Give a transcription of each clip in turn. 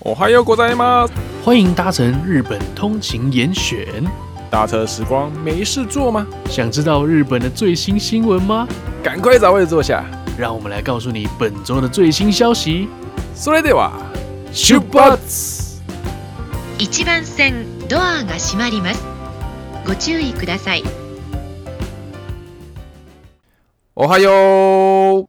哦哈喲，各位大爺們！歡迎搭乘日本通勤嚴選，搭車時光沒事做嗎？想知道日本的最新新聞嗎？趕快找位子坐下，讓我們來告訴你本周的最新消息。それでは、出発！一番線ドアが閉まります。ご注意ください。哦哈喲，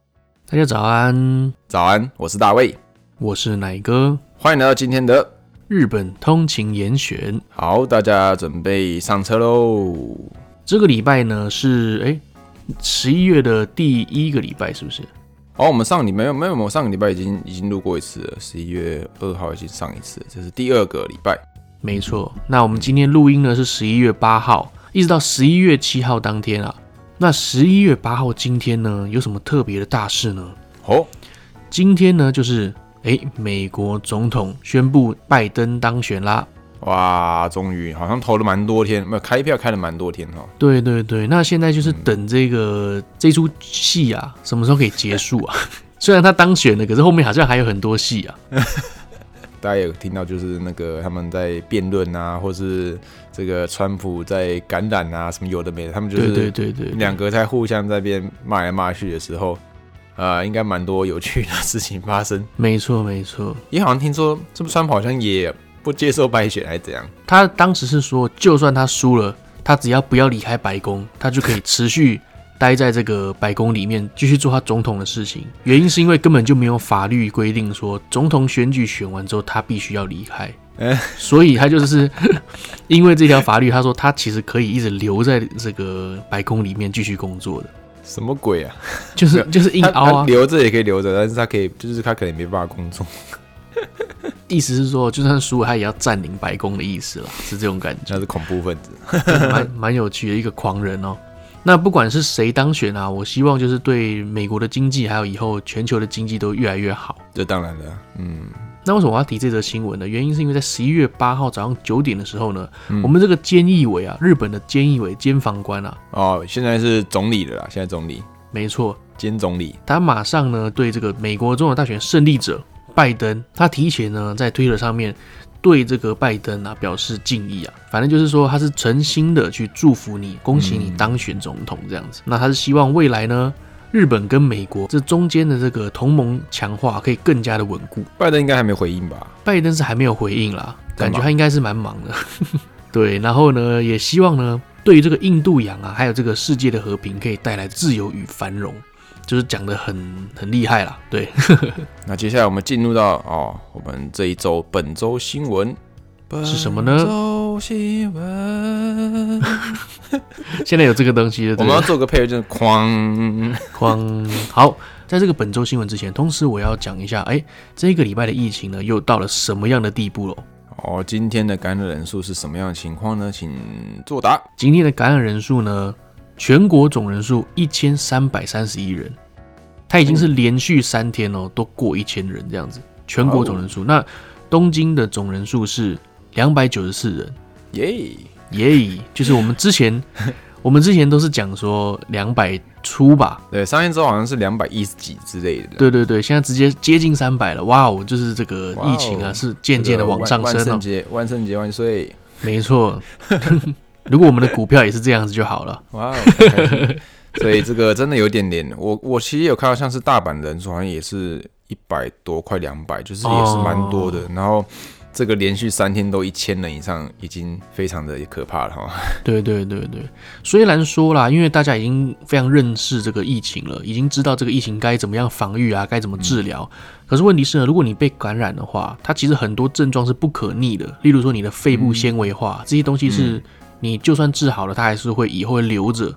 大家早安，早安，我是大衛，我是奶哥。歡迎來到今天的日本通勤嚴選。好，大家準備上車嘍。這個禮拜呢是哎十一月的第一個禮拜，是不是？好、哦，我們上禮拜沒有沒有，我們上個禮拜已經已經錄過一次了，十一月二號已經上一次了，這是第二個禮拜。嗯、沒錯，那我們今天錄音呢是十一月八號，一直到十一月七號當天啊。那十一月八號今天呢有什麼特別的大事呢？哦，今天呢就是。欸、美國總統宣布拜登當選啦！哇，終於好像投了蠻多天，沒有開票開了蠻多天哈。對對對，那現在就是等這個、嗯、這齣戲啊，什麼時候可以結束啊？ 雖然他當選了，可是後面好像還有很多戲啊。 大家有聽到就是那個他們在辯論啊，或是這個川普在感染啊，什麼有的沒的，他們就是對對對對，對，對，對，對，對，兩個在互相在邊罵來罵去的時候。呃，應該蠻多有趣的事情發生。沒錯，沒錯。也好像聽說，這不川普好像也不接受敗選，還是怎樣？他當時是說，就算他輸了，他只要不要離開白宮，他就可以持續待在這個白宮裡面，繼 續做他總統的事情。原因是因為根本就沒有法律規定說，總統選舉選完之後他必須要離開、欸。所以他就是 因為這條法律，他說他其實可以一直留在這個白宮裡面繼續工作的。什麼鬼啊？就是 就是硬凹啊！他他留着也可以留着，但是他可以，就是他可能也沒辦法工作。 意思是說，就算輸了，他也要佔領白宮的意思了，是這種感覺。他是恐怖分子，蠻 蠻有趣的一個狂人哦。那不管是誰當選啊，我希望就是對美國的經濟，還有以後全球的經濟都越來越好。這當然了，嗯。那為什麼我要提這則新聞呢？原因是因為在十一月八號早上九點的時候呢、嗯，我們這個菅義偉啊，日本的菅義偉、官房官啊，哦，現在是總理了啦，現在總理，沒錯，菅總理，他馬上呢對這個美國總統大選勝利者拜登，他提前呢在推特上面對這個拜登啊表示敬意啊，反正就是說他是誠心的去祝福你，恭喜你當選總統這樣子，嗯、那他是希望未來呢。日本跟美國這中間的這個同盟強化可以更加的穩固。拜登應該還沒回應吧？拜登是還沒有回應啦，感覺他應該是蠻忙的。 對，然後呢，也希望呢，對於這個印度洋啊，還有這個世界的和平，可以帶來自由與繁榮，就是講得很很厲害啦。對， 那接下來我們進入到哦，我們這一週本週新聞是什麼呢？新聞， 現在有這個東西了，我們要做個配樂，就是框哐。好，在這個本周新聞之前，同時我要講一下，哎、欸，這個禮拜的疫情呢，又到了什麼樣的地步了？哦，今天的感染人數是什麼樣的情況呢？請作答。今天的感染人數呢，全國總人數一千三百三十一人，它已經是連續三天哦，都過一千人這樣子。全國總人數，那東京的總人數是兩百九十四人。耶耶，就是我們之前， 我們之前都是講說兩百出吧，對，上週之後好像是兩百一十幾之類的，對對對，現在直接接近三百了，哇哦，就是這個疫情啊，哦、是漸漸的往上升了、哦這個。萬聖節，萬聖節萬歲！沒錯， 如果我們的股票也是這樣子就好了，哇哦，okay. 所以這個真的有點點，我我其實有看到像是大阪人，好像也是一百多，快兩百，就是也是蠻多的，oh. 然後。這個連續三天都一千人以上，已經非常的可怕了哈。對對對對，雖然說啦，因為大家已經非常認識這個疫情了，已經知道這個疫情該怎麼樣防禦啊，該怎麼治療。嗯、可是問題是呢，如果你被感染的話，它其實很多症狀是不可逆的，例如說你的肺部纖維化、嗯、這些東西，是你就算治好了，它還是會以後會留着。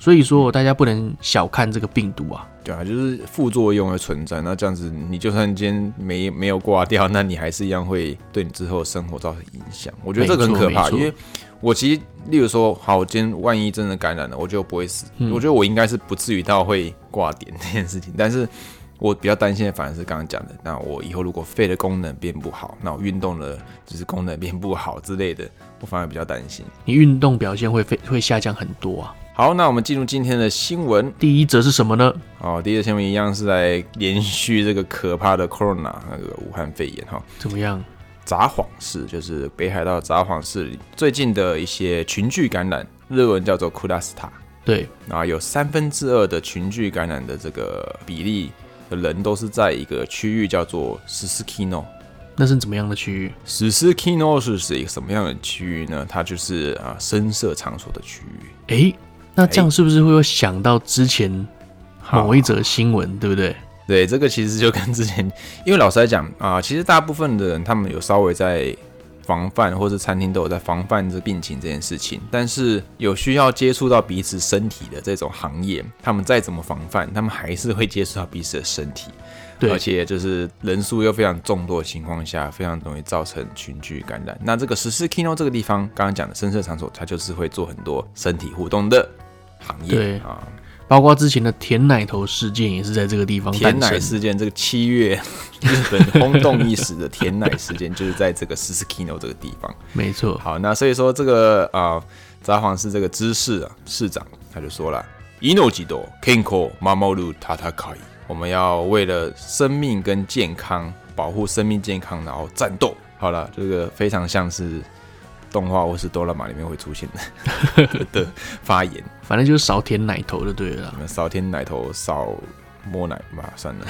所以說，大家不能小看這個病毒啊。對啊，就是副作用的存在。那這樣子，你就算今天沒沒有掛掉，那你還是一樣會對你之後的生活造成影響。我覺得這個很可怕，因為，我其實，例如說，好，我今天萬一真的感染了，我就不會死，嗯、我覺得我應該是不至於到會掛點這件事情。但是我比較擔心的反而是剛剛講的，那我以後如果肺的功能變不好，那我運動的，就是功能變不好之類的，我反而比較擔心。你運動表現會會下降很多啊。好，那我們進入今天的新聞。第一則是什麼呢？哦，第一則新聞一樣是來延續這個可怕的 Corona，那個武漢肺炎哈。怎麼樣？札幌市就是北海道札幌市最近的一些群聚感染，日文叫做クラスタ。對，啊，有三分之二的群聚感染的這個比例的人都是在一個區域叫做 Siskino。那是怎麼樣的區域？Siskino 是是一個什麼樣的區域呢？它就是啊、呃，聲色場所的區域。欸那這樣是不是會有想到之前某一則新聞、欸，對不對？對，這個其實就跟之前，因為老實來講啊、呃，其實大部分的人他們有稍微在防範，或是餐廳都有在防範這病情這件事情。但是有需要接觸到彼此身體的這種行業，他們再怎麼防範，他們還是會接觸到彼此的身體。對，而且就是人數又非常眾多的情況下，非常容易造成群聚感染。那這個十四 Kino 這個地方，剛剛講的聲色場所，它就是會做很多身體互動的。行業啊、嗯，包括之前的甜奶頭事件也是在這個地方。甜奶事件，這個七月 日本轟動一時的甜奶事件， 就是在這個 Susukino 這個地方。沒錯。好，那所以說這個啊，札幌市這個知事、啊、市長他就說了伊諾吉多 Kinko Mamoru Tataka，我們要為了生命跟健康，保護生命健康，然後戰鬥。好了，這個非常像是動畫或是ドラマ裡面會出現的 的發言。 反正就是少舔奶頭就對了。你們少舔奶頭，少摸奶吧，算了。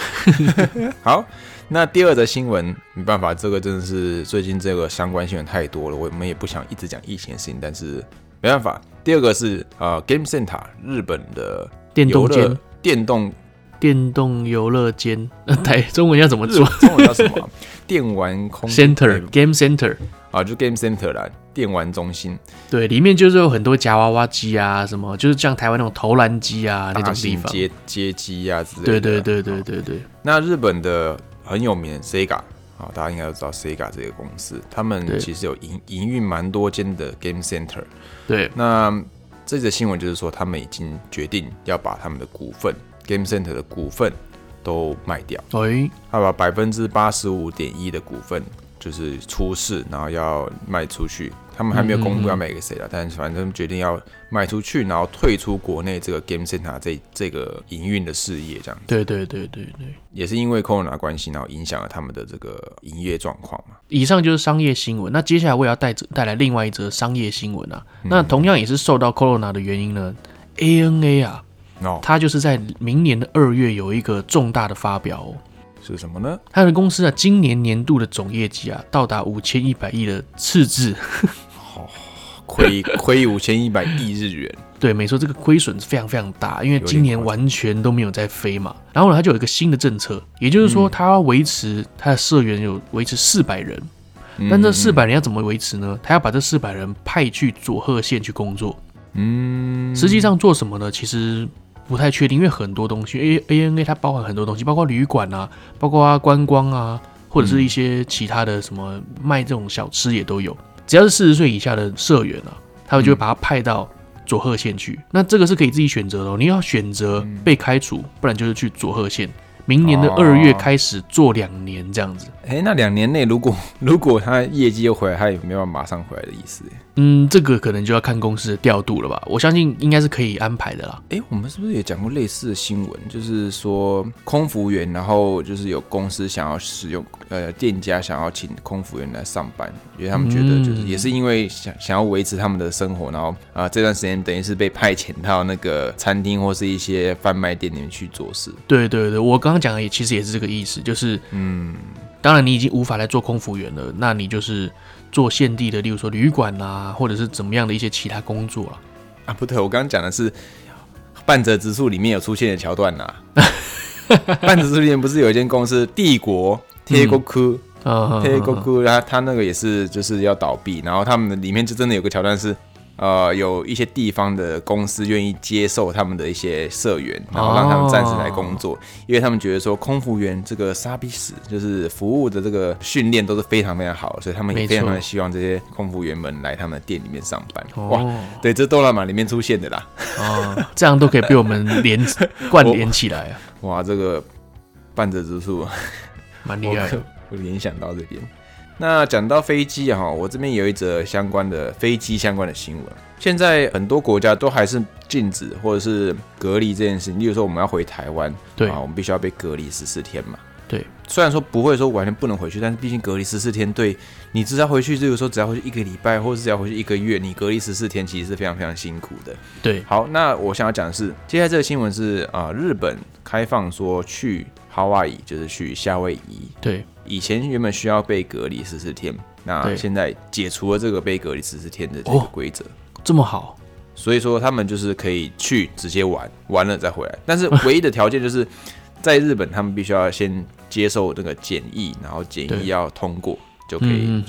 好，那第二則新聞沒辦法，這個真的是最近這個相關新聞太多了，我們也不想一直講疫情的事情，但是沒辦法。第二個是啊、呃、Game Center 日本的電動間，電動電動遊樂間，對，呃、中文要怎麼做？中文叫什麼、啊？ 電玩空間 Center，Game Center 啊，就 Game Center 啦，電玩中心。對，裡面就是有很多夾娃娃機啊，什麼就是像台灣那種投籃機啊，那種地方街街機啊之類的。對對對對對對。哦、那日本的很有名的 Sega 啊、哦，大家應該都知道 Sega 這個公司，他們其實有營營運蠻多間的 Game Center。對，那這則、個、新聞就是說，他們已經決定要把他們的股份 Game Center 的股份。都賣掉，對、欸，他把百分之八十五點一的股份就是出市，然後要賣出去，他們還沒有公布要賣給誰了，嗯嗯嗯，但反正決定要賣出去，然後退出國內這個 Game Center 這這個營運的事業，這樣。對對，對對對對也是因為 Corona 關係，然後影響了他們的這個營業狀況嘛。以上就是商業新聞，那接下來我也要帶帶來另外一則商業新聞啊，那同樣也是受到 Corona 的原因呢，ANA 啊。Oh. 他就是在明年的二月有一個重大的發表。哦，是什麼呢？他的公司啊，今年年度的總業績啊，到達五千一百億的赤字，哦、 oh，虧虧五千一百億日元。 對，沒錯，這個虧損是非常非常大，因為今年完全都沒有在飛嘛。然後呢，他就有一個新的政策，也就是說，他要維持他的社員有維持四百人，嗯，但這四百人要怎麼維持呢？他要把這四百人派去佐賀縣去工作。嗯，實際上做什麼呢？其實。不太確定，因為很多東西，A A N A 它包含很多東西，包括旅館啊，包括、啊、觀光啊，或者是一些其他的什麼賣這種小吃也都有。只要是四十歲以下的社員啊，他們就會把他派到佐賀縣去。那這個是可以自己選擇的、哦，你要選擇被開除、嗯，不然就是去佐賀縣。明年的二月開始做兩年這樣子。哎，那兩年內如果如果他業績又回來，他也沒辦法馬上回來的意思。嗯，這個可能就要看公司的調度了吧。我相信應該是可以安排的啦。哎，我們是不是也講過類似的新聞？就是說空服員，然後就是有公司想要使用，呃，店家想要請空服員來上班，因為他們覺得就是也是因為想、嗯、想要維持他們的生活，然後啊、呃、這段時間等於是被派遣到那個餐廳或是一些販賣店裡面去做事。對對對，我剛剛講的也其實也是這個意思，就是嗯。當然，你已經無法來做空服員了，那你就是做現地的，例如說旅館啊，或者是怎麼樣的一些其他工作啊，啊不對，我剛剛講的是《半澤直樹》裡面有出現的橋段吶、啊，《半澤直樹》裡面不是有一間公司帝國貼鍋庫啊，貼鍋窟，然後他那個也是就是要倒閉，然後他們的裡面就真的有個橋段是。呃，有一些地方的公司願意接受他們的一些社員，然後讓他們暫時來工作。哦，因為他們覺得說空服員這個傻逼死，就是服務的這個訓練都是非常非常好，所以他們也非常，非常希望這些空服員們來他們店裡面上班。哇，哦，對，這哆啦 A 裡面出現的啦。哦，這樣都可以被我們連貫 連起來啊！哇，這個半折之處蠻厲害，我聯想到這邊。那講到飛機啊，哈，我這邊有一則相關的飛機相關的新聞。現在很多國家都還是禁止或者是隔離這件事情。例如說，我們要回台灣，對啊，我們必須要被隔離十四天嘛。對，雖然說不會說完全不能回去，但是畢竟隔離十四天對，對你只要回去，例如說只要回去一個禮拜，或者是只要回去一個月，你隔離十四天其實是非常非常辛苦的。對，好，那我想要講的是，接下來這個新聞是啊，日本開放說去。夏威夷就是去夏威夷，對，以前原本需要被隔離十四天，那現在解除了這個被隔離十四天的這個規則。哦，這麼好，所以說他們就是可以去直接玩，玩了再回來。但是唯一的條件就是， 在日本他們必須要先接受這個檢疫，然後檢疫要通過就可以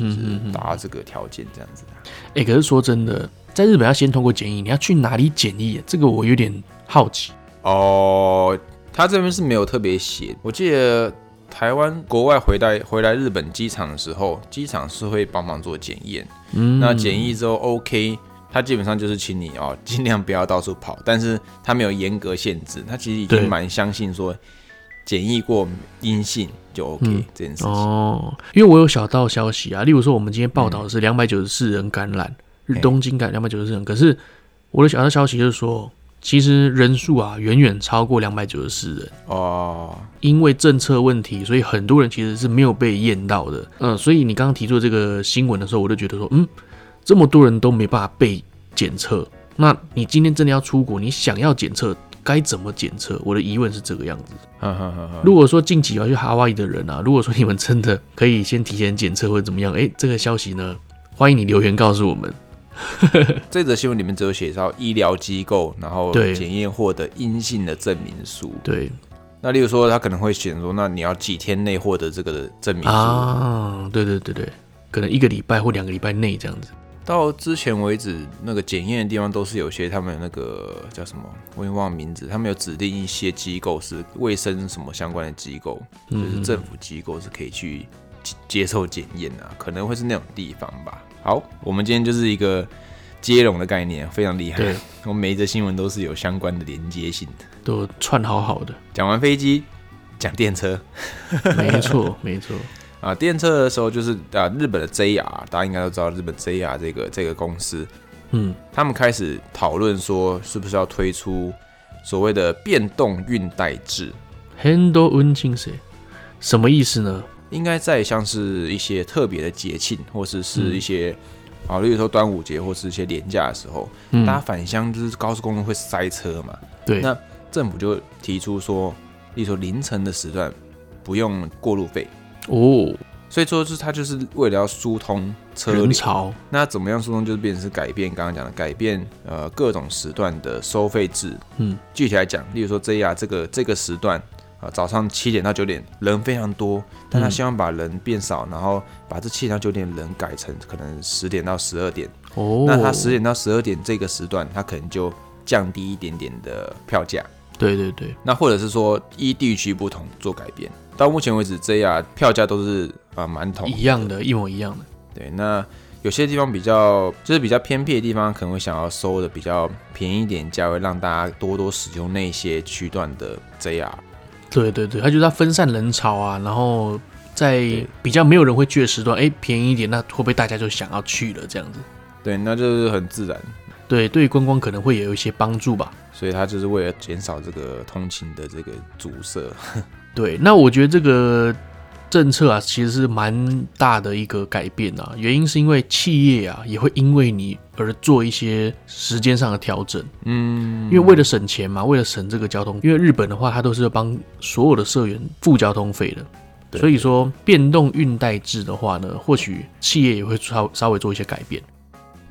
達這個條件這樣子。哎、嗯嗯嗯嗯欸，可是說真的，在日本要先通過檢疫，你要去哪裡檢疫？啊，這個我有點好奇哦。Oh, 他這邊是沒有特別寫。我記得台灣國外回來回來日本機場的時候，機場是會幫忙做檢驗。嗯，那檢疫之後 OK，他基本上就是請你哦盡量不要到處跑，但是他沒有嚴格限制，他其實已經蠻相信說檢疫過陰性就 OK、嗯、這件事情。哦，因為我有小道消息啊，例如說我們今天報道的是兩百九十四人感染、嗯，日東京感染兩百九十四人，可是我的小道消息就是說，其實人數啊遠遠超過兩百九十四人哦，oh. 因為政策問題，所以很多人其實是沒有被驗到的。嗯，所以你剛剛提出這個新聞的時候，我就覺得說，嗯，這麼多人都沒辦法被檢測，那你今天真的要出國，你想要檢測該怎麼檢測？我的疑問是這個樣子。Oh. 如果說近期要去夏威夷的人啊，如果說你們真的可以先提前檢測或者怎麼樣，哎、欸，這個消息呢，歡迎你留言告訴我們。 這則新聞裡面只有寫到醫療機構，然後檢驗獲得陰性的證明書。對，那例如說，他可能會寫說，那你要幾天內獲得這個的證明書？啊，對對對對，可能一個禮拜或兩個禮拜內這樣子。到之前為止，那個檢驗的地方都是有些他們那個叫什麼，我也忘了名字，他們有指定一些機構是衛生什麼相關的機構，嗯，就是政府機構是可以去接受檢驗的，可能會是那種地方吧。好，我們今天就是一個接龍的概念，非常厲害。對，我們每一則新聞都是有相關的連接性的，都串好好的。講完飛機，講電車， 沒錯，沒錯。啊，電車的時候就是啊，日本的 JR，大家應該都知道日本 JR 這個這個公司，嗯，他們開始討論說，是不是要推出所謂的變動運貸制？很多溫情色，什麼意思呢？應該在像是一些特別的節慶，或是是一些、嗯、啊，例如說端午節或是一些年假的時候，大、嗯、家返鄉就是高速公路會塞車嘛。對。那政府就提出說，例如說凌晨的時段不用過路費。哦。所以說是它就是為了要疏通車流。那怎麼樣疏通？就是變成是改變剛剛講的，改變呃各種時段的收費制。嗯。具體來講，例如說這樣這個這個時段。啊、呃，早上七點到九點人非常多，但他希望把人變少，嗯、然後把這七點到九點的人改成可能十點到十二點。哦，那他十點到十二點這個時段，他可能就降低一點點的票價。對對對。那或者是說，依地區不同做改變。到目前為止，JR 票價都是啊蠻統一樣的一模一樣的。對，那有些地方比較就是比較偏僻的地方，可能會想要收的比較便宜一點價位，會讓大家多多使用那些區段的 JR。對對對，他就是它分散人潮啊，然後在比較沒有人會去的時段，哎，便宜一點，那會不會大家就想要去了這樣子？對，那就是很自然。對，對，觀光可能會有一些幫助吧。所以他就是為了減少這個通勤的這個阻塞。 對，那我覺得這個。政策啊，其實是蠻大的一個改變啊。原因是因為企業啊，也會因為你而做一些時間上的調整。嗯，因為為了省錢嘛，為了省這個交通，因為日本的話，它都是幫所有的社員付交通費的對。所以說，變動運代制的話呢，或許企業也會稍稍微做一些改變。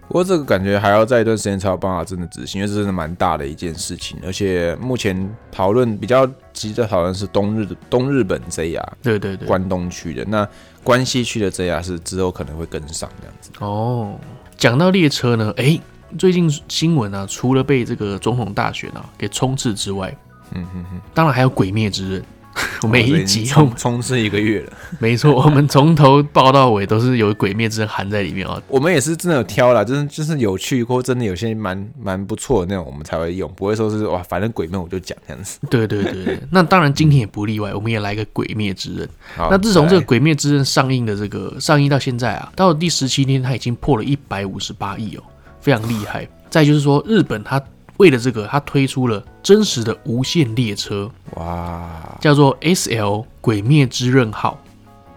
不過這個感覺還要在一段時間才有辦法真的執行，因為這真的蠻大的一件事情，而且目前討論比較急的討論是東日東日本 JR，對對對，關東區的那關西區的 JR 是之後可能會跟上這樣子。哦，講到列車呢，哎，最近新聞呢、啊，除了被這個總統大選啊給衝刺之外，嗯哼哼，當然還有《鬼滅之刃》。 每一集衝衝刺，一個月了， 沒錯，我們從頭報到尾都是有《鬼滅之刃》含在裡面哦。 我們也是真的有挑了，就是就是有趣或真的有些蠻蠻不錯的那種，我們才會用，不會說是哇，反正《鬼滅》我就講這樣子。對對對， 那當然今天也不例外，我們也來個《鬼滅之刃》。那自從這個《鬼滅之刃》上映的這個上映到現在啊，到了第十七天，它已經破了一百五十八億哦，非常厲害。 再就是說，日本它。為了這個，他推出了真實的無限列車，哇、wow.，叫做 SL 鬼滅之刃號，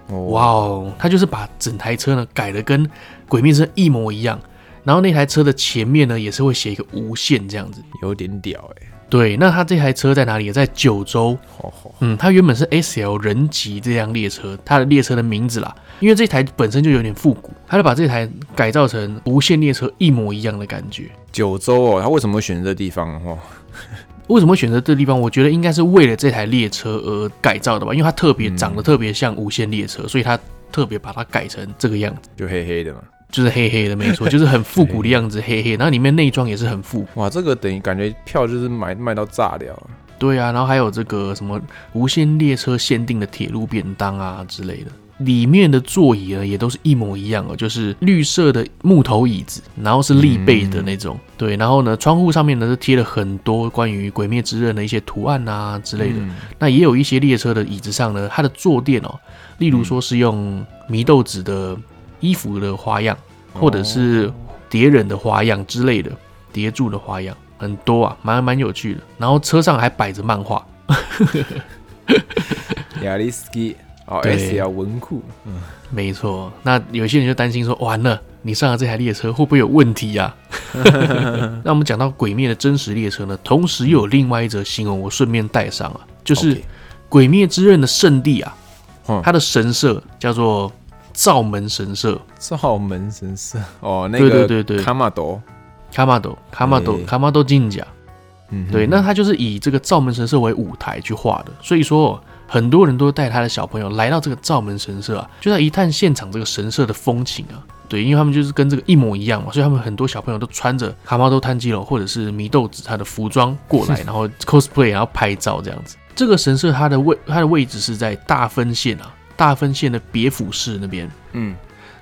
哇哦，他就是把整台車呢改得跟鬼滅之刃一模一樣，然後那台車的前面呢也是會寫一個無限這樣子，有點屌哎、欸。對，那它這台車在哪裡？在九州。嗯，它原本是 S L 人吉這輛列車，它的列車的名字啦。因為這台本身就有點復古，他就把這台改造成無限列車一模一樣的感覺。九州哦，他為什麼會選擇這地方？哦， 為什麼選擇這地方？我覺得應該是為了這台列車而改造的吧，因為它特別長得特別像無限列車，所以他特別把它改成這個樣子，就黑黑的嘛。就是黑黑的，沒錯，就是很復古的樣子，黑黑。然後裡面內裝也是很復古。哇，這個等於感覺票就是買賣到炸掉了。對啊，然後還有這個什麼無限列車限定的鐵路便當啊之類的，裡面的座椅呢也都是一模一樣哦，就是綠色的木頭椅子，然後是立背的那種。對，然後呢，窗戶上面呢是貼了很多關於《鬼滅之刃》的一些圖案啊之類的。那也有一些列車的椅子上呢，它的坐墊哦，例如說是用祢豆子的。衣服的花樣，或者是疊人的花樣之類的，疊、oh. 住的花樣很多啊，蠻蠻有趣的。然後車上還擺着漫畫。亞歷斯基，哦，SL 文庫，嗯，沒錯。那有些人就擔心說，完了，你上了這台列車會不會有問題啊？ 那我們講到《鬼滅》的真實列車呢，同時又有另外一則新聞，我順便帶上啊，就是《okay. 鬼滅之刃》的聖地啊，它的神社叫做。竈門，對對對，竈門神社，竈門神社哦，那個，對對對，卡瑪多，卡瑪多，卡瑪多，卡瑪多金甲，嗯，對，那他就是以這個竈門神社為舞台去畫的，所以說很多人都帶他的小朋友來到這個竈門神社啊，就在一探現場這個神社的風情啊，對，因為他們就是跟這個一模一樣嘛，所以他們很多小朋友都穿着卡瑪多炭治郎或者是禰豆子他的服裝過來，是是，然後 cosplay 然後拍照這樣子。這個神社它的位它的位置是在大分縣啊。大分縣的別府市那邊，嗯，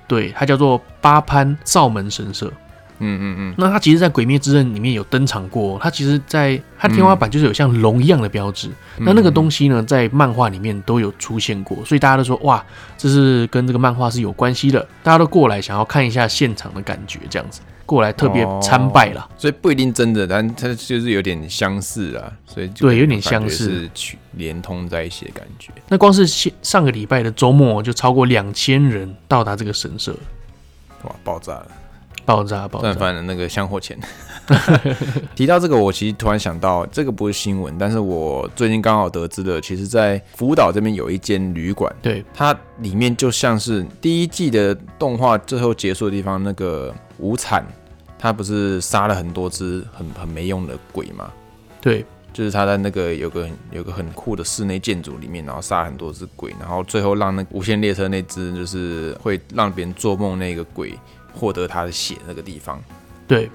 對，它叫做八幡竈門神社，嗯嗯嗯。那它其實，在《鬼滅之刃》裡面有登場過。它其實在，在它的天花板就是有像龍一樣的標誌，嗯。那那個東西呢，在漫畫裡面都有出現過，所以大家都說，哇，這是跟這個漫畫是有關係的。大家都過來想要看一下現場的感覺，這樣子。過來特別參拜了，oh, 所以不一定真的，但他就是有點相似了，所以就對，有點相似，去連通在一起的感覺。那光是上個禮拜的週末就超過兩千人到達這個神社，哇，爆炸了，爆炸，爆炸！賺翻了那個香火錢。 提到這個，我其實突然想到，這個不是新聞，但是我最近剛好得知了，其實在福島這邊有一間旅館，對，它裡面就像是第一季的動畫最後結束的地方，那個無慘他不是殺了很多只很很沒用的鬼嗎？對，就是他在那個有個有個很酷的室內建築裡面，然後殺很多只鬼，然後最後讓那無限列車那只就是會讓別人做夢那個鬼獲得他的血那個地方。對，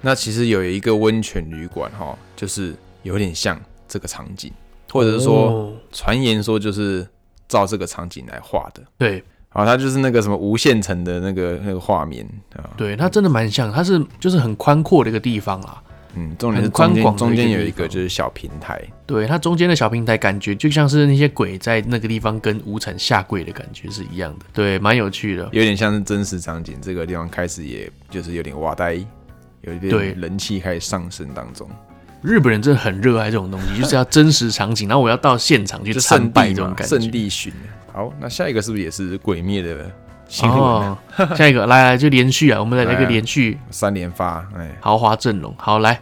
那其實有一個溫泉旅館哈，就是有點像這個場景，或者是說哦、傳言說就是照這個場景來畫的。對。哦，它就是那個什麼無限城的那個那個畫面啊。對，它真的蠻像，它是就是很寬闊的一個地方啦。嗯，重點是寬廣，中間有一個就是小平台。對，它中間的小平台感覺就像是那些鬼在那個地方跟無慘下跪的感覺是一樣的。對，蠻有趣的，有點像是真實場景。這個地方開始也就是有點哇呆，有一點對人氣開始上升當中。日本人真的很熱愛這種東西，就是要真實場景， 然後我要到現場去參拜這種感覺，聖地巡。好，那下一個是不是也是鬼滅的新劇？啊哦、下一個來來就連續啊，我們來個連續、啊、三連發，哎、欸，豪華陣容。好來，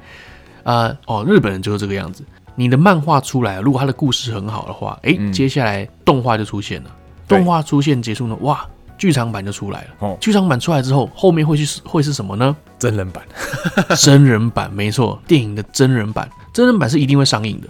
呃，哦，日本人就是這個樣子。你的漫畫出來，如果他的故事很好的話，哎、欸嗯，接下來動畫就出現了。動畫出現結束呢，哇，劇場版就出來了。哦，劇場版出來之後，後面會是會是什麼呢？真人版， 真人版沒錯，電影的真人版，真人版是一定會上映的。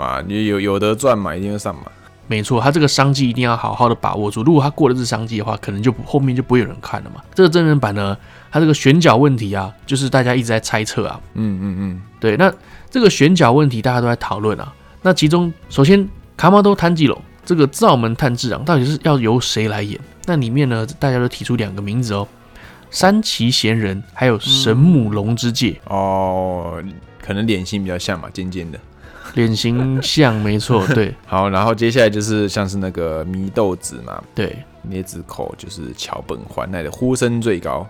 哇，你有有的賺嘛，一定會上嘛。沒錯，他這個商機一定要好好的把握住。如果他過了這商機的話，可能就不，後面就不會有人看了嘛。這個真人版呢，他這個選角問題啊，就是大家一直在猜測啊。嗯嗯嗯，對，那這個選角問題大家都在討論啊。那其中首先，卡馬都貪紀龍，這個竈門炭治郎、啊、到底是要由誰來演？那裡面呢，大家都提出兩個名字哦，山崎賢人還有神木隆之介、嗯。哦，可能臉型比較像嘛，尖尖的。臉型像 沒錯，對。好，然後接下來就是像是那個禰豆子嘛，對，捏子口，就是橋本環奈的呼聲最高。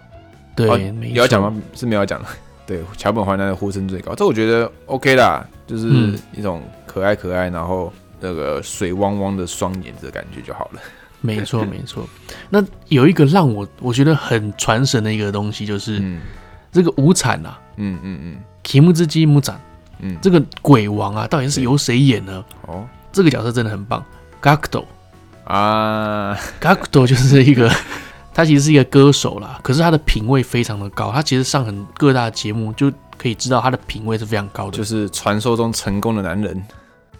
對，哦、沒有要講嗎？是沒有講的。對，橋本環奈的呼聲最高，這我覺得 OK 啦，就是一種可愛可愛，然後那個水汪汪的雙眼的感覺就好了。嗯、 沒錯，沒錯。那有一個讓我我覺得很傳神的一個東西，就是、嗯、這個無慘啊。嗯嗯嗯，提木之基木展。嗯，這個鬼王啊，到底是由誰演呢？嗯、哦，這個角色真的很棒，GACKT 啊，GACKT 就是一個，他其實是一個歌手啦，可是他的品味非常的高，他其實上很各大節目就可以知道他的品味是非常高的，就是傳說中成功的男人。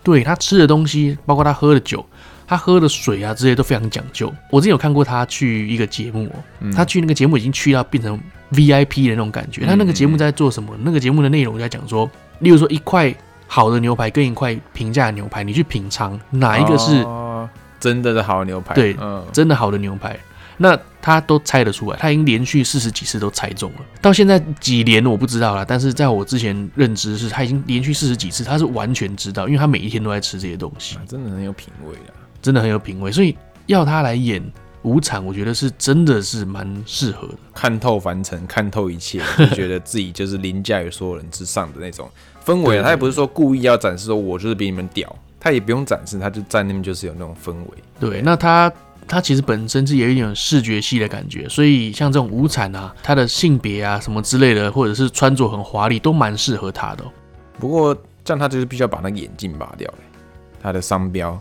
對，他吃的東西，包括他喝的酒，他喝的水啊，之類都非常講究。我之前有看過他去一個節目、嗯，他去那個節目已經去到變成 VIP 的那種感覺。嗯、他那個節目在做什麼、嗯？那個節目的內容就在講說。例如說一塊好的牛排跟一塊平價牛排，你去品嘗哪一個是真的的好牛排？對，真的好的牛排，那他都猜得出來，他已經連續四十幾次都猜中了。到現在幾年我不知道了，但是在我之前認知是，他已經連續四十幾次他是完全知道，因為他每一天都在吃這些東西，真的很有品味的，真的很有品味。所以要他來演，無產，我覺得是真的是蠻適合的。看透凡塵，看透一切，就覺得自己就是凌駕於所有人之上的那種氛圍、啊。 他也不是說故意要展示說我就是比你們屌，他也不用展示，他就在那邊就是有那種氛圍。對，對啊、那他他其實本身是有一點有視覺系的感覺，所以像這種無慘啊，他的性別啊什麼之類的，或者是穿着很華麗，都蠻適合他的、喔。不過，像他就是必須要把那個眼鏡拔掉，他的商標。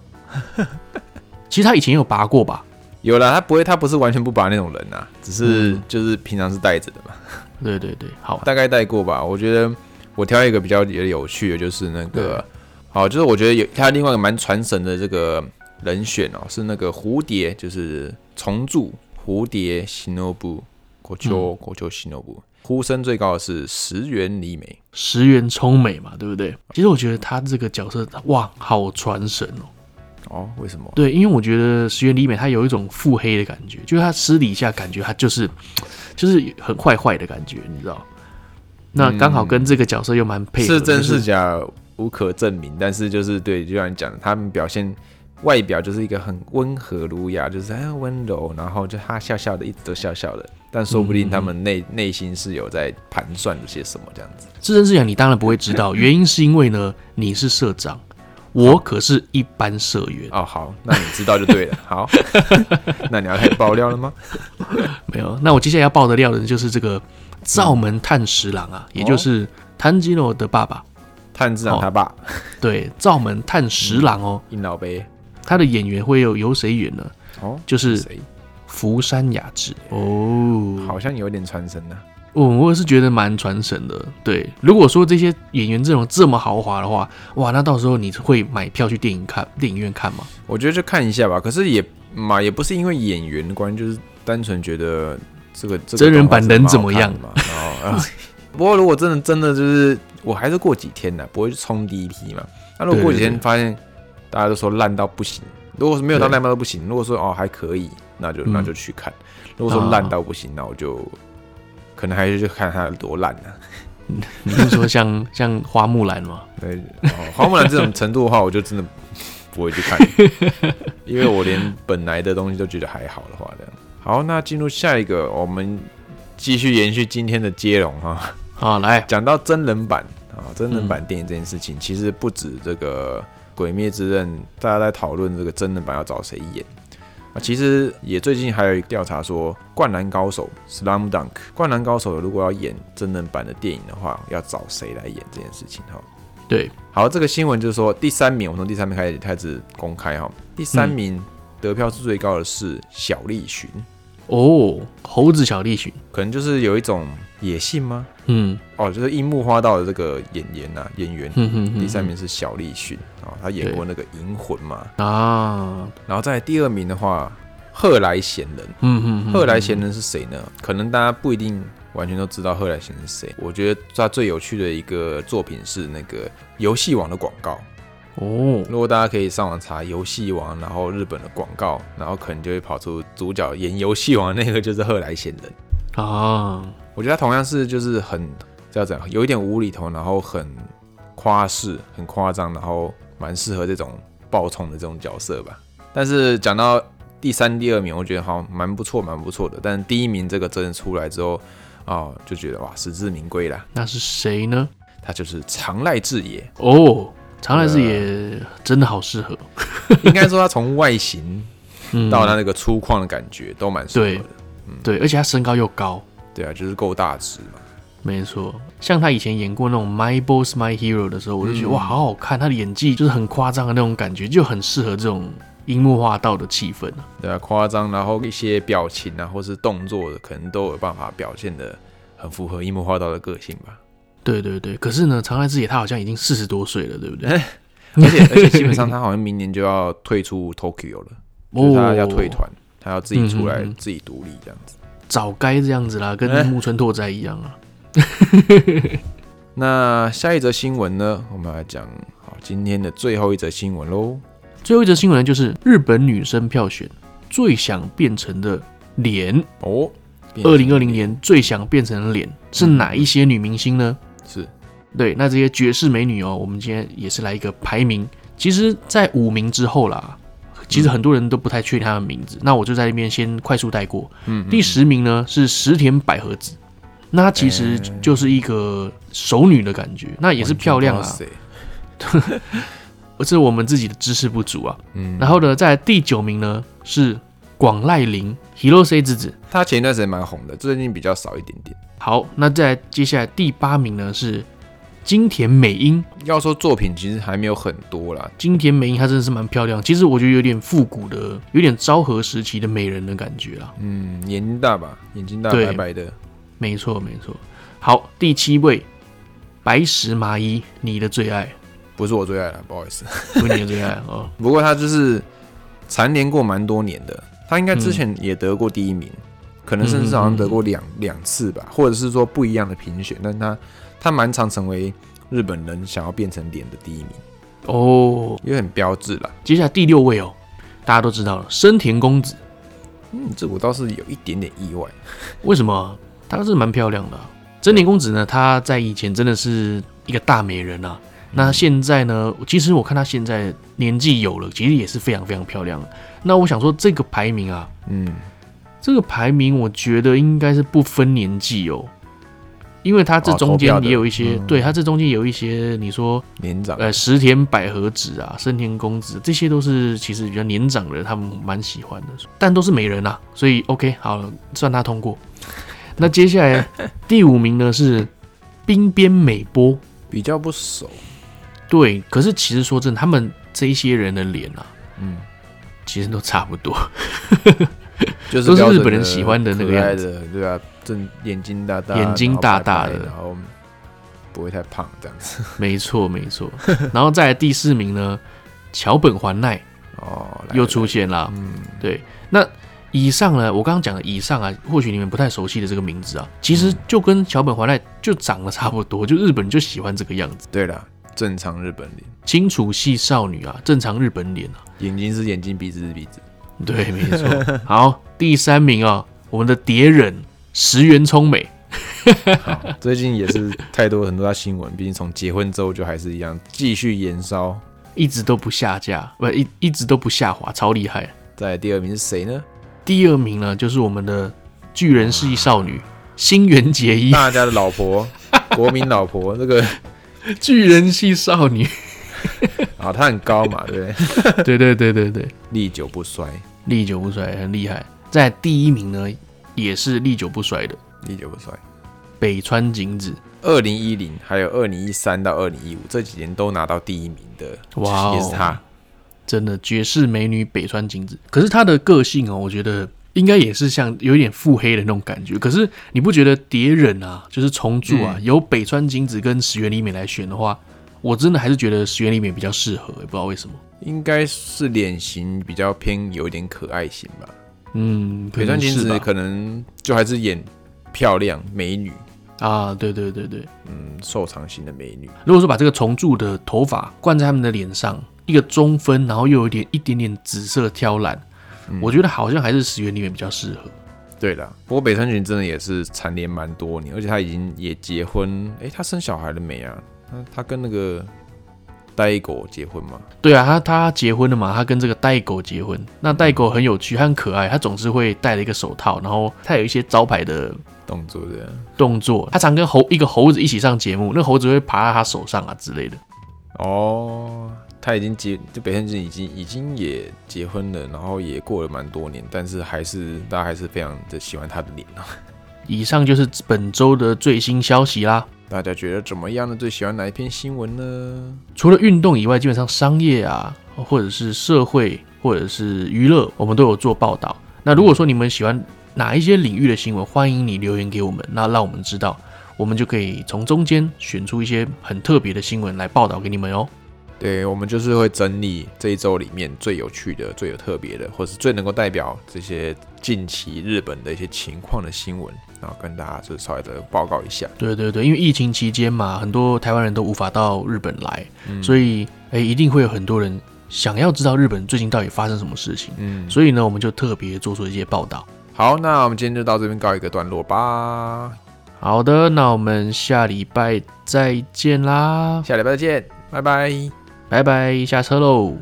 其實他以前有拔過吧？有啦，他不會，他不是完全不拔那種人吶、啊，只是就是平常是帶着的嘛，嗯。對對對，好，啊，大概帶過吧。我覺得我挑一個比較有趣的，就是那個，好，哦，就是我覺得有他另外一個蠻傳神的這個人選哦，是那個蝴蝶，就是蟲柱蝴蝶行露布國秋國秋行露布，呼聲最高的是石原里美，石原聰美嘛，對不對？其實我覺得他這個角色哇，好傳神哦。哦，為什麼？對，因為我覺得石原里美她，有一種腹黑的感覺，就是她私底下感覺她就是，就是很壞壞的感覺，你知道？那剛好跟這個角色又蠻配合、嗯。是真是假、就是、無可證明，但是就是對，就像你講的，他們表現外表就是一個很溫和儒雅，就是很溫、啊、柔，然後就他笑笑的，一直都笑笑的。但說不定他們內內、嗯、心是有在盤算著些什麼這樣子。是真是假，你當然不會知道。原因是因為呢，你是社長。我可是一般社員、啊、哦，好，那你知道就對了。 好， 那你要開始爆料了嗎？沒有，那我接下來要爆的料的就是這個灶門炭十郎啊、嗯，也就是炭治郎的爸爸，炭治郎他爸，哦、對，灶門炭十郎哦，硬老杯。他的演員會有由誰演呢？哦，就是福山雅治、嗯、哦，好像有點傳神呢。我我是覺得蠻傳神的，對。如果說這些演員陣容這麼豪華的話，哇，那到時候你會買票去電影看電影院看嗎？我覺得就看一下吧。可是也嘛，也不是因為演員關，就是單純覺得這個真人版能怎麼樣嘛。啊，不過如果真的真的就是，我還是過幾天呢，啊，不會去衝第一批嘛。那如果過幾天發現大家都說爛到不行，如果是沒有到爛到不行，如果說哦還可以，那就那就去看。如果說爛到不行，那我就。可能還是去看它有多爛呢、啊。你是說像 像花木蘭嗎？對，哦、花木蘭這種程度的話，我就真的不會去看， 因為我連本來的東西都覺得還好的話，這樣。好，那進入下一個，我們繼續延續今天的接龍哈、哦。好，來講到真人版啊、哦，真人版電影這件事情，嗯、其實不止這個《鬼滅之刃》，大家在討論這個真人版要找誰演。啊，其實也最近還有一個調查說，灌籃高手 Slam Dunk，灌籃高手如果要演真人版的電影的話，要找誰來演這件事情哈？對，好，好，這個新聞就是說第三名，我從第三名開始開始公開哈。第三名得票數最高的是小栗旬哦，猴子小栗旬，可能就是有一種野性嗎？嗯，哦，就是櫻木花道的這個演員啊，演員。嗯嗯嗯、第三名是小栗旬啊，他演過那個《銀魂》嘛。啊，然後在第二名的話，賀來賢人。嗯嗯，賀、嗯、來賢人是誰呢、嗯？可能大家不一定完全都知道賀來賢人是誰。我覺得他最有趣的一個作品是那個《遊戲王》的廣告。哦，如果大家可以上網查《遊戲王》，然後日本的廣告，然後可能就會跑出主角演《遊戲王》那個就是賀來賢人。啊。我覺得他同樣是就是很這樣子，有一點無厘頭，然後很誇飾、很誇張，然後蠻適合這種暴衝的這種角色吧。但是講到第三、第二名，我覺得好蠻不錯、蠻不錯的。但是第一名這個真的出來之後啊、哦，就覺得哇，實至名歸啦。那是誰呢？他就是長瀨智也哦。長瀨智也、呃、真的好適合， 應該說他從外形到他那個粗獷的感覺、嗯、都蠻適合的對、嗯。對，而且他身高又高。對啊，就是夠大隻嘛。沒錯，像他以前演過那種《My Boss My Hero》的時候，我就覺得、嗯、哇，好好看。他的演技就是很誇張的那種感覺，就很適合這種櫻木花道的氣氛啊，對啊，誇張，然後一些表情啊，或是動作的，可能都有辦法表現得很符合櫻木花道的個性吧。對對對，可是呢，長瀨智也他好像已經四十多歲了，對不對？而、欸、且而且，而且基本上他好像明年就要退出 Tokyo 了， 就是他要退團，他要自己出來自己獨立這樣子。嗯嗯早該這樣子啦，跟木村拓哉一樣啊。欸、 那下一則新聞呢？我們來講好今天的最後一則新聞嘍。最後一則新聞就是日本女生票選最想變成的臉哦。二零二零年最想變成的臉是哪一些女明星呢？嗯、是，對，那這些絕世美女哦，我們今天也是來一個排名。其實，在五名之後啦。其實很多人都不太確定他的名字，嗯、那我就在那邊先快速帶過。嗯，嗯，第十名呢是石田百合子，那其實就是一個熟女的感覺，嗯、那也是漂亮啊。我 是我們自己的知識不足啊。嗯，然後呢，在第九名呢是廣瀨鈴 （Hirose 之子），她前一段時間蠻紅的，最近比較少一點點。好，那在接下來第八名呢是。今田美櫻，要說作品其實還沒有很多啦。今田美櫻她真的是蠻漂亮，其實我覺得有點復古的，有點昭和時期的美人的感覺啦。嗯，眼睛大吧？眼睛大，白白的。沒錯，沒錯。好，第七位，白石麻衣，你的最愛？不是我最愛了，不好意思，不是你的最愛。 哦，不過她就是蟬聯過蠻多年的，她應該之前也得過第一名，嗯、可能甚至好像得過兩兩、嗯嗯嗯、次吧，或者是說不一樣的評選，但她。他蠻常成為日本人想要變成臉的第一名哦，有、oh, 點標誌了。接下來第六位哦、喔，大家都知道了，深田恭子。嗯，這我倒是有一點點意外。為什麼？她是蠻漂亮的、啊。深田恭子呢，她在以前真的是一個大美人啊。嗯、那現在呢，其實我看她現在年紀有了，其實也是非常非常漂亮。那我想說，這個排名啊，嗯，這個排名我覺得應該是不分年紀哦。因為他這中間也有一些，哦嗯、對他這中間有一些，你說年長呃石田百合子啊，森田公子，這些都是其實比較年長的人，他們蠻喜歡的，但都是美人啊，所以 OK 好了，算他通過。那接下來 第五名呢是冰邊美波，比較不熟。對，可是其實說真的，他們這一些人的臉啊，嗯，其實都差不多， 就是，的都是日本人喜歡的那個樣子，對啊。眼睛大大，眼睛大大，白白大大的，然後不會太胖這樣子。沒錯，沒錯。 然後再來第四名呢，橋本環奈哦，又出現了，來來來。嗯，對。那以上呢，我剛剛講的以上啊，或許你們不太熟悉的這個名字啊，其實就跟橋本環奈就長得差不多，就日本就喜歡這個樣子。對啦，正常日本臉，清楚系少女啊，正常日本臉啊，眼睛是眼睛，鼻子是鼻子。對，沒錯。 好，第三名啊，我們的蝶忍。石原聰美、 哦，最近也是太多很多的新聞。畢竟從結婚之後就還是一樣，繼續延燒，一直都不下架，不一一直都不下滑，超厲害。在第二名是誰呢？第二名呢，就是我們的巨人系少女新垣、嗯、結衣，大家的老婆，國民老婆，那、 這個巨人系少女啊，她 很高嘛，對不對？ 對對對對對，歷久不衰，歷久不衰，很厲害。在第一名呢？也是歷久不衰的，歷久不衰。北川景子，二零一零，還有二零一三到二零一五這幾年都拿到第一名的，哇，也是他真的絕世美女北川景子。可是她的個性哦、喔，我覺得應該也是像有點腹黑的那種感覺。可是你不覺得蝶忍啊，就是蟲柱啊，嗯、由北川景子跟石原里美來選的話，我真的還是覺得石原里美比較適合、欸，也不知道為什麼，應該是臉型比較偏有點可愛型吧。嗯，北川景子可能就還是演漂亮美女啊，對對對對，嗯，瘦長型的美女。如果說把這個蟲柱的頭髮灌在他們的臉上，一個中分，然後又有一點一點點紫色的挑染，嗯，我覺得好像還是石原里美比較適合。對的，不過北川景子真的也是蟬聯蠻多年，而且她已經也結婚，哎，她生小孩了沒啊？他她跟那個。呆狗結婚嗎？對啊，他他結婚了嘛？他跟這個呆狗結婚。那呆狗很有趣，很可愛。他總是會戴了一個手套，然後他有一些招牌的動作的動，動作。他常跟猴一個猴子一起上節目，那猴子會爬在他手上啊之類的。哦，他已經結，就本身已經已經也結婚了，然後也過了蠻多年，但是還是大家還是非常的喜歡他的臉啊。 以上就是本周的最新消息啦。大家覺得怎麼樣呢？最喜歡哪一篇新聞呢？除了運動以外，基本上商業啊，或者是社會，或者是娛樂，我們都有做報道。那如果說你們喜歡哪一些領域的新聞，歡迎你留言給我們，那讓我們知道，我們就可以從中間選出一些很特別的新聞來報道給你們哦。對，我們就是會整理這一周裡面最有趣的、最有特別的，或是最能夠代表這些近期日本的一些情況的新聞，然後跟大家就稍微的報告一下。對對對，因為疫情期間嘛，很多台灣人都無法到日本來，嗯，所以誒，一定會有很多人想要知道日本最近到底發生什麼事情。嗯，所以呢，我們就特別做出一些報道。好，那我們今天就到這邊告一個段落吧。好的，那我們下禮拜再見啦。下禮拜再見，拜拜。拜拜，下車嘍。